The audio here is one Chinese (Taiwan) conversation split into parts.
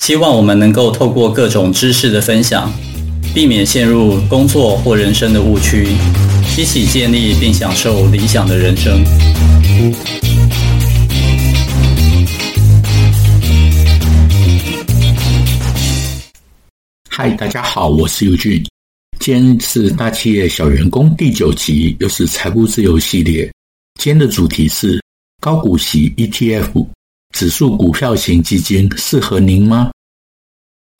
希望我們能夠透過各種知識的分享，避免陷入工作或人生的誤區，一起建立並享受理想的人生。嗨，大家好，我是尤金。今天是大企業小員工第九集，又、就是財務自由系列，今天的主題是高股息 ETF。指數股票型基金適合您嗎？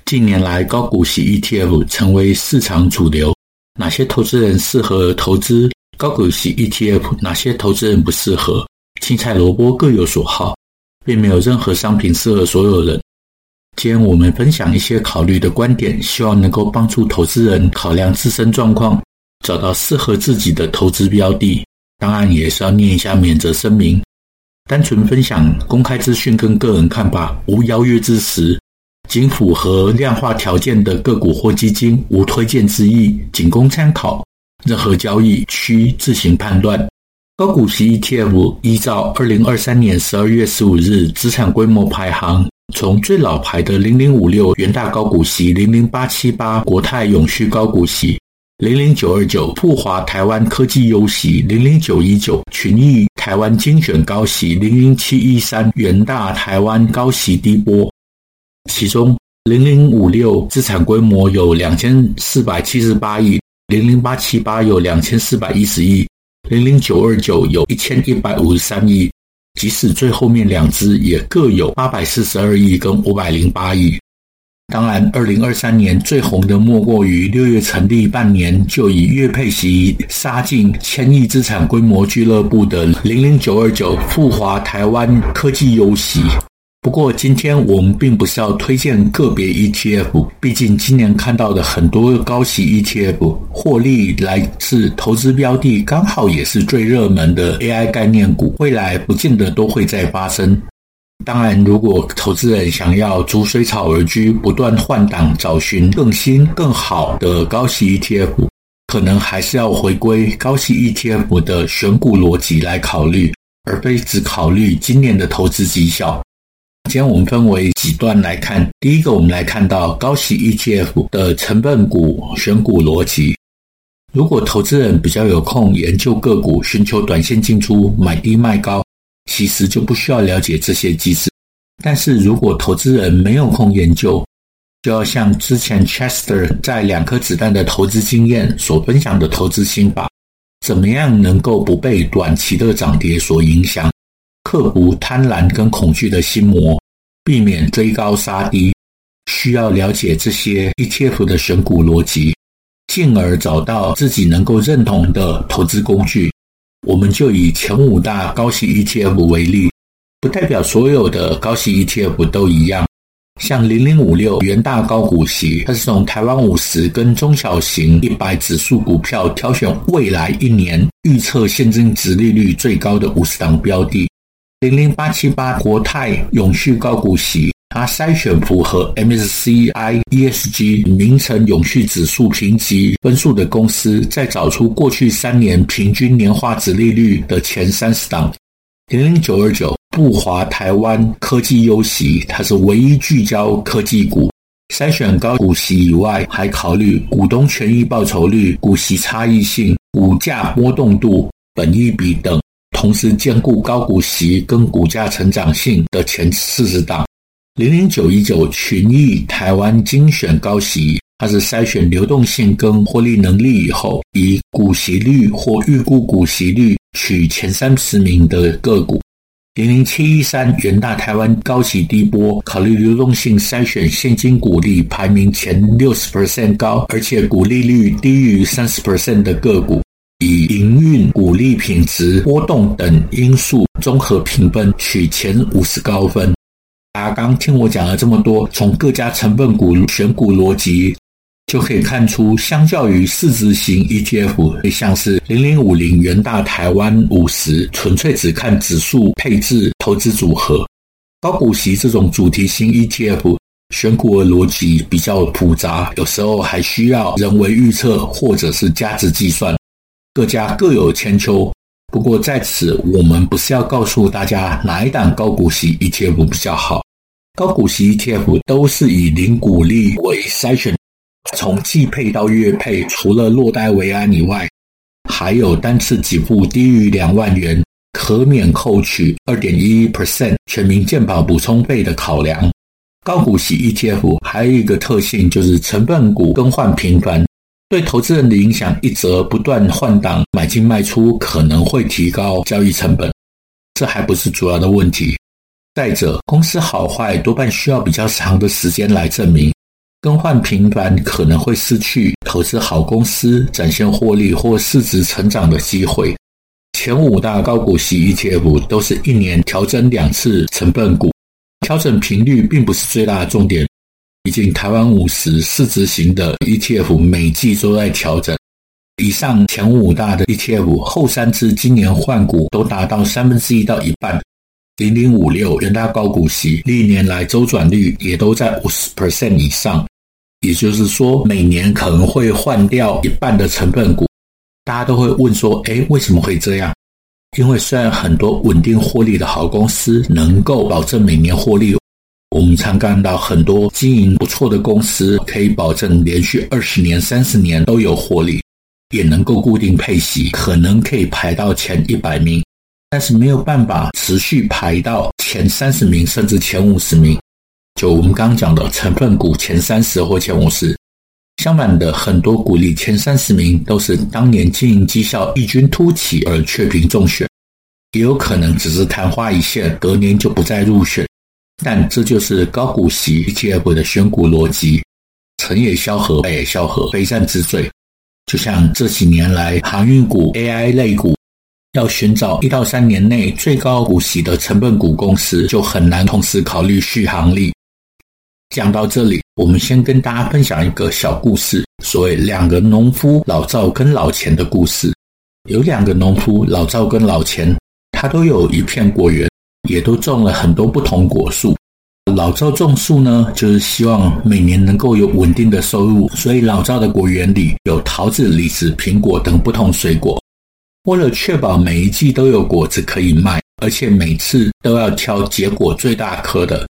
近年來，高股息 ETF 成為市場主流。哪些投資人適合投資高股息 ETF？哪些投資人不適合？青菜蘿蔔各有所好，並沒有任何商品適合所有人。今天我們分享一些考慮的觀點，希望能夠幫助投資人考量自身狀況，找到適合自己的投資標的。當然，也是要念一下免責聲明。單純分享公開資訊跟個人看法，無邀約之實，僅符合量化條件的個股或基金，無推薦之意，僅供參考。任何交易需自行判斷。高股息 ETF 依照二零二三年十二月十五日資產規模排行，從最老牌的零零五六元大高股息，零零八七八國泰永續高股息，零零九二九復華台灣科技優息，零零九一九群益台灣精選高息，零零七一三元大台灣高息低波。其中，零零五六資產規模有兩千四百七十八億，零零八七八有兩千四百一十億，零零九二九有一千一百五十三億，即使最後面兩支也各有八百四十二億跟五百零八億。當然，二零二三年最紅的莫過於六月成立半年就以月配息殺進千億資產規模俱樂部的零零九二九復華台灣科技優息。不過，今天我們並不是要推薦個別 ETF，畢竟今年看到的很多高息 ETF 獲利來自投資標的，剛好也是最熱門的 AI 概念股，未來不見得都會再發生。當然，如果投資人想要逐水草而居，不斷換檔，找尋更新、更好的高息 ETF，可能還是要回歸高息 ETF 的選股邏輯來考慮，而非只考慮今年的投資績效。今天，我們分為幾段來看。第一個，我們來看到高息 ETF 的成分股選股邏輯。如果投資人比較有空研究個股，尋求短線進出，買低賣高。其實就不需要了解這些機制，但是如果投資人沒有空研究，就要像之前 Chester 在兩顆子彈的投資經驗所分享的投資心法，怎麼樣能夠不被短期的漲跌所影響，克服貪婪跟恐懼的心魔，避免追高殺低，需要了解這些 ETF 的選股邏輯，進而找到自己能夠認同的投資工具。我們就以前五大高息 ETF 為例，不代表所有的高息 ETF 都一樣。像零零五六元大高股息，它是從台灣五十跟中小型一百指數股票挑選未來一年預測現金殖利率最高的五十檔標的。零零八七八國泰永續高股息。他篩選符合 MSCI ESG 名城永續指數評級分數的公司，再找出過去三年平均年化殖利率的前三十檔。零零九二九復華台灣科技優息，它是唯一聚焦科技股，篩選高股息以外，還考慮股東權益報酬率、股息差異性、股價波動度、本益比等，同時兼顧高股息跟股價成長性的前四十檔。零零九一九群益台灣精選高息，它是篩選流動性跟獲利能力以後，以股息率或預估股息率取前三十名的個股。零零七一三元大台灣高息低波，考慮流動性篩選現金股利排名前六十 percent 高，而且股利率低於三十 percent 的個股，以營運股利品質、波動等因素綜合評分，取前五十高分。大家剛聽我講了這麼多，從各家成分股選股邏輯就可以看出，相較於市值型 ETF，像是零零五零、元大台灣五十，純粹只看指數配置投資組合；高股息這種主題型 ETF 選股的邏輯比較複雜，有時候還需要人為預測或者是價值計算，各家各有千秋。不過在此，我們不是要告訴大家哪一檔高股息 ETF 比較好。高股息 ETF 都是以零股利為篩選，從季配到月配，除了落袋為安以外，還有單次給付低於兩萬元可免扣取二點一一 percent 全民健保補充費的考量。高股息 ETF 還有一個特性，就是成分股更換頻繁。對投資人的影響，一則不斷換檔買進賣出，可能會提高交易成本，這還不是主要的問題。再者，公司好壞多半需要比較長的時間來證明，更換頻繁，可能會失去投資好公司展現獲利或市值成長的機會。前五大高股息 ETF 都是一年調整兩次，成分股調整頻率並不是最大的重點。畢竟，台灣五十市值型的 ETF 每季都在調整。以上前五大的 ETF，後三支今年換股都達到三分之一到一半。零零五六元大高股息，歷年來週轉率也都在五十 percent 以上，也就是說，每年可能會換掉一半的成分股。大家都會問說，哎，為什麼會這樣？因為雖然很多穩定獲利的好公司，能夠保證每年獲利。我們常看到很多經營不錯的公司，可以保證連續二十年、三十年都有獲利，也能夠固定配息，可能可以排到前一百名。但是沒有辦法持續排到前三十名，甚至前五十名。就我們剛講的成分股前三十或前五十，相反的，很多股利前三十名都是當年經營績效異軍突起而雀屏中選，也有可能只是曇花一現，隔年就不再入選。但這就是高股息 ETF 的選股邏輯，成也蕭何，敗也蕭何，非戰之罪。就像這幾年來航運股、AI 類股，要尋找一到三年內最高股息的成本股公司，就很難同時考慮續航力。講到這裡，我們先跟大家分享一個小故事，所謂兩個農夫老趙跟老錢的故事。有兩個農夫，老趙跟老錢，他都有一片果園。也都種了很多不同果樹。老趙種樹呢，就是希望每年能夠有穩定的收入，所以老趙的果園裡有桃子、李子、蘋果等不同水果。為了確保每一季都有果子可以賣，而且每次都要挑結果最大顆的。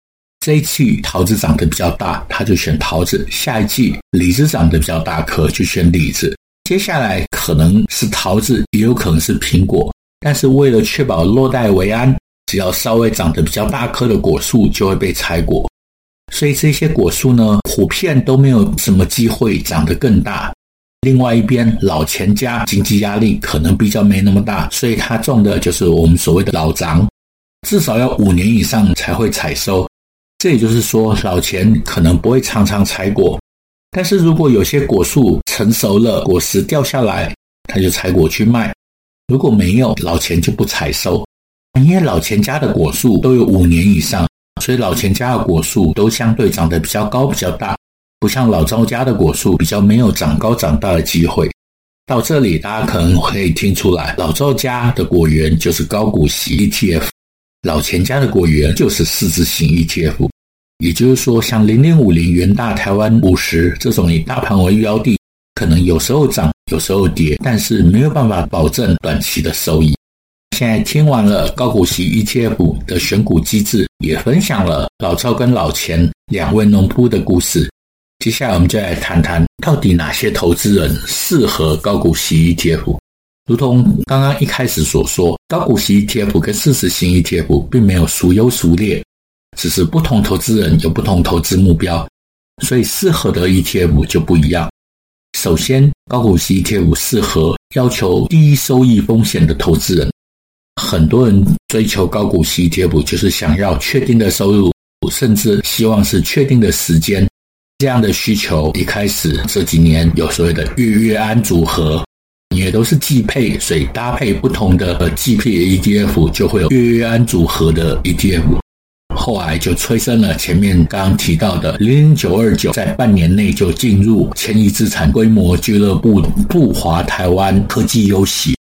這一季桃子長得比較大，他就選桃子；下一季李子長得比較大顆，就選李子。接下來可能是桃子，也有可能是蘋果，但是為了確保落袋為安。只要稍微長得比較大棵的果樹就會被採果，所以這些果樹呢，普遍都沒有什麼機會長得更大。另外一邊，老錢家經濟壓力可能比較沒那麼大，所以他種的就是我們所謂的老欉，至少要五年以上才會採收。這也就是說，老錢可能不會常常採果，但是如果有些果樹成熟了，果實掉下來，他就採果去賣；如果沒有，老錢就不採收。因為老錢家的果樹都有五年以上，所以老錢家的果樹都相對長得比較高、比較大，不像老趙家的果樹比較沒有長高長大的機會。到這裡，大家可能可以聽出來，老趙家的果園就是高股息 ETF，老錢家的果園就是市值型 ETF。也就是說，像零零五零元大台灣五十這種以大盤為標的，可能有時候漲，有時候跌，但是沒有辦法保證短期的收益。現在聽完了高股息 ETF 的選股機制，也分享了老趙跟老錢兩位農夫的故事。接下來我們就來談談，到底哪些投資人適合高股息 ETF？如同剛剛一開始所說，高股息 ETF 跟市值型 ETF 並沒有孰優孰劣，只是不同投資人有不同投資目標，所以適合的 ETF 就不一樣。首先，高股息 ETF 適合要求低收益風險的投資人。很多人追求高股息 ETF，就是想要確定的收入，甚至希望是確定的時間。這樣的需求一開始這幾年有所謂的月月安組合，也都是季配，所以搭配不同的季配 ETF，就會有月月安組合的 ETF。後來就催生了前面剛提到的00929，在半年內就進入千億資產規模俱樂部，復華台灣科技優息。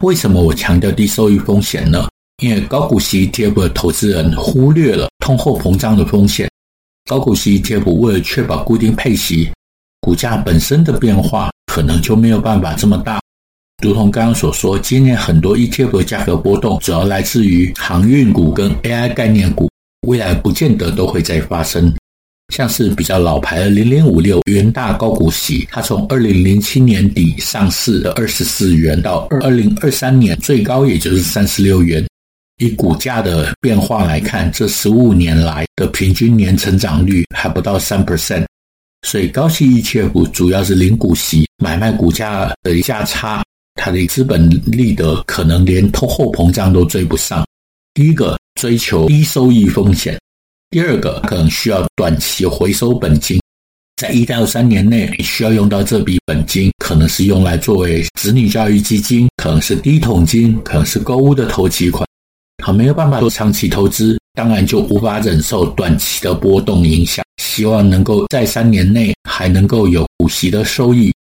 為什麼我強調低收益風險呢？因為高股息 ETF 的投資人忽略了通貨膨脹的風險。高股息 ETF 為了確保固定配息，股價本身的變化可能就沒有辦法這麼大。如同剛剛所說，今年很多 ETF 價格波動主要來自於航運股跟 AI 概念股，未來不見得都會再發生。像是比較老牌的零零五六元大高股息，它從二零零七年底上市的二十四元，到二零二三年最高也就是三十六元。以股價的變化來看，這十五年來的平均年成長率還不到三 percent。所以高息 ETF 主要是零股息，買賣股價的價差，它的資本利得可能連通貨膨脹都追不上。第一個，追求低收益風險。第二個，可能需要短期回收本金，在一到三年內你需要用到這筆本金，可能是用來作為子女教育基金，可能是第一桶金，可能是購屋的頭期款。他沒有辦法做長期投資，當然就無法忍受短期的波動影響，希望能夠在三年內還能夠有股息的收益。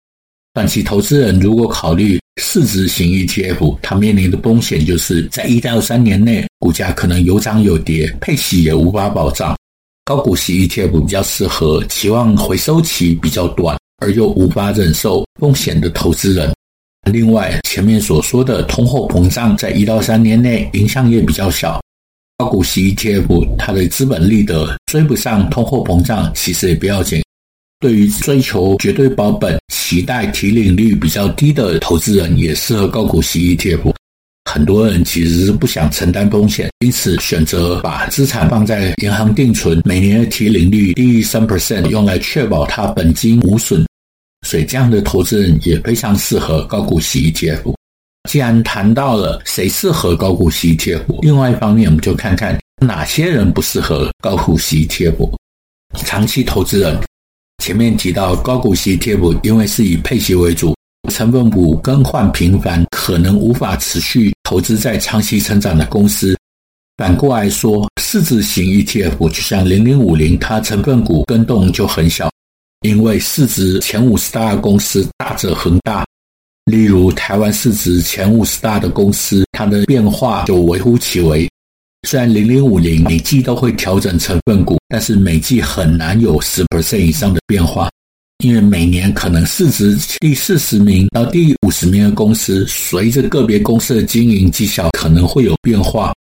短期投資人如果考慮市值型 ETF，他面臨的風險就是在一到三年內。股價可能有漲有跌，配息也無法保障。高股息 ETF 比較適合期望回收期比較短而又無法忍受風險的投資人。另外，前面所說的通貨膨脹，在一到三年內影響也比較小。高股息 ETF 它的資本利得追不上通貨膨脹，其實也不要緊。對於追求絕對保本、期待提領率比較低的投資人，也適合高股息 ETF。很多人其實是不想承擔風險，因此選擇把資產放在銀行定存，每年的提領率低於三 percent，用來確保它本金無損。所以這樣的投資人也非常適合高股息 ETF。既然談到了誰適合高股息 ETF，另外一方面我們就看看哪些人不適合高股息 ETF。長期投資人，前面提到高股息 ETF，因為是以配息為主。成分股更換頻繁，可能無法持續投資在長期成長的公司。反過來說，市值型 ETF 就像零零五零，它成分股更動就很小，因為市值前五十大公司大者恆大。例如台灣市值前五十大的公司，它的變化就微乎其微。雖然零零五零每季都會調整成分股，但是每季很難有十 percent 以上的變化。因為每年可能市值第四十名到第五十名的公司，隨着個別公司的經營績效可能會有變化。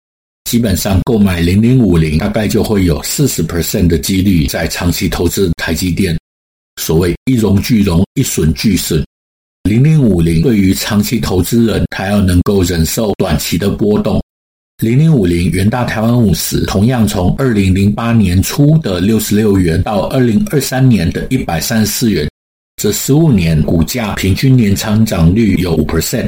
基本上購買零零五零，大概就會有四十 percent 的幾率在長期投資台積電。所謂一榮俱榮，一損俱損。零零五零對於長期投資人，他要能夠忍受短期的波動。零零五零元大台灣五十，同樣從二零零八年初的六十六元到二零二三年的一百三十四元，這十五年股價平均年成長率有五 percent，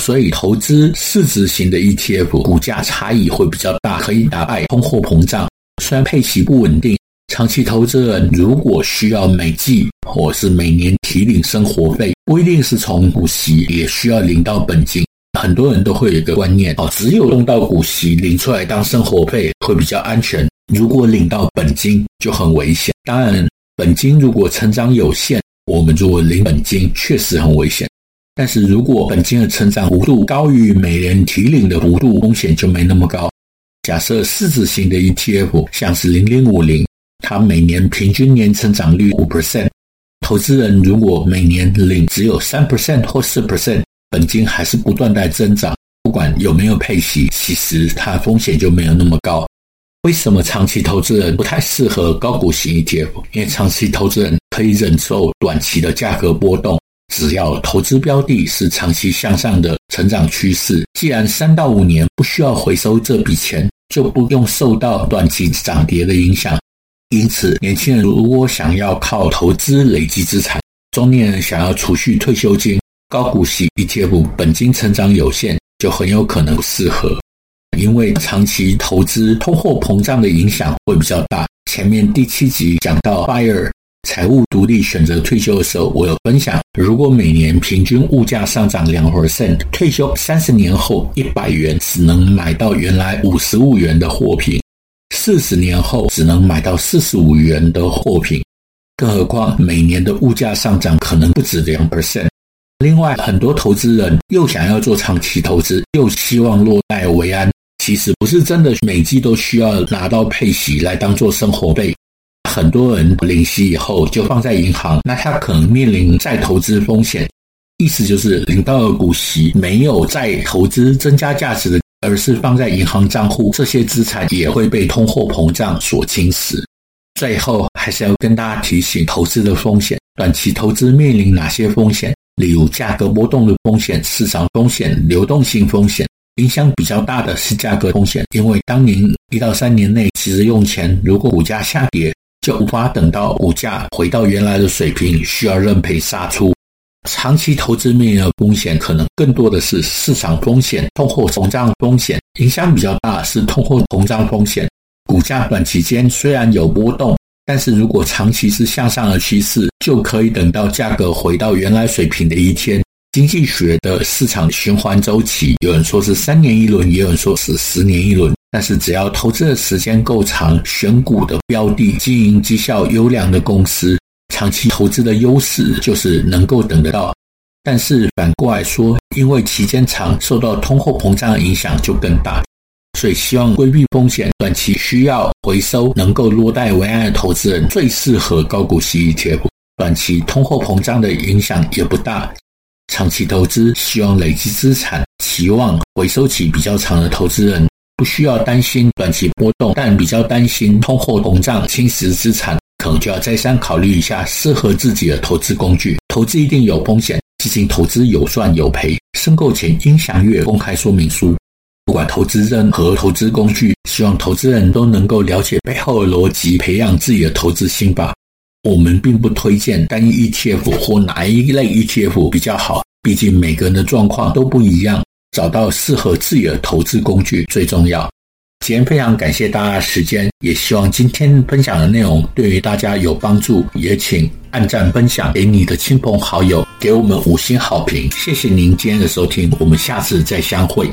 所以投資市值型的 ETF 股價差異會比較大，可以打敗通貨膨脹。雖然配息不穩定，長期投資人如果需要每季或是每年提領生活費，不一定是從股息，也需要領到本金。很多人都會有一個觀念，哦，只有用到股息領出來當生活費會比較安全，如果領到本金就很危險。當然，本金如果成長有限，我們如果領本金確實很危險。但是如果本金的成長幅度高於每年提領的幅度，風險就沒那麼高。假設市值型的 ETF 像是零零五零，它每年平均年成長率五 percent，投資人如果每年領只有三 percent 或四 percent。本金還是不斷在增長，不管有沒有配息，其實它風險就沒有那麼高。為什麼長期投資人不太適合高股息 ETF？因為長期投資人可以忍受短期的價格波動，只要投資標的是長期向上的成長趨勢。既然三到五年不需要回收這筆錢，就不用受到短期漲跌的影響。因此，年輕人如果想要靠投資累積資產，中年人想要儲蓄退休金。高股息、低切補、本金成長有限，就很有可能不適合。因為長期投資，通貨膨脹的影響會比較大。前面第七集講到 FIRE 財務獨立、選擇退休的時候，我有分享，如果每年平均物價上漲兩 percent，退休三十年後，一百元只能買到原來五十五元的貨品；四十年後，只能買到四十五元的貨品。更何況，每年的物價上漲可能不止兩 percent。另外，很多投資人又想要做長期投資，又希望落袋為安，其實不是真的每季都需要拿到配息來當做生活費。很多人領息以後就放在銀行，那他可能面臨再投資風險。意思就是，領到了股息沒有再投資增加價值的，而是放在銀行賬戶，這些資產也會被通貨膨脹所侵蝕。最後，還是要跟大家提醒：投資的風險，短期投資面臨哪些風險？例如價格波動的風險、市場風險、流動性風險，影響比較大的是價格風險，因為當您一到三年內急著用錢，如果股價下跌，就無法等到股價回到原來的水平，需要認賠殺出。長期投資面臨的風險可能更多的是市場風險、通貨膨脹風險，影響比較大是通貨膨脹風險。股價短期間雖然有波動。但是如果長期是向上的趨勢，就可以等到價格回到原來水平的一天。經濟學的市場循環週期，有人說是三年一輪，也有人說是十年一輪。但是只要投資的時間夠長，選股的標的經營績效優良的公司，長期投資的優勢就是能夠等得到。但是反過來說，因為期間長，受到通貨膨脹的影響就更大，所以希望規避風險。短期需要回收能夠落袋為安的投資人，最適合高股息 ETF。短期通貨膨脹的影響也不大。長期投資希望累積資產、期望回收期比較長的投資人，不需要擔心短期波動，但比較擔心通貨膨脹侵蝕資產，可能就要再三考慮一下適合自己的投資工具。投資一定有風險，基金投資有賺有賠。申購前應詳閱公開說明書。不管投資任何投資工具，希望投資人都能夠了解背後的邏輯，培養自己的投資心吧。我們並不推薦單一 ETF 或哪一類 ETF 比較好，畢竟每個人的狀況都不一樣，找到適合自己的投資工具最重要。今天非常感謝大家的時間，也希望今天分享的內容對於大家有幫助，也請按讚、分享給你的親朋好友，給我們五星好評。謝謝您今天的收聽，我們下次再相會。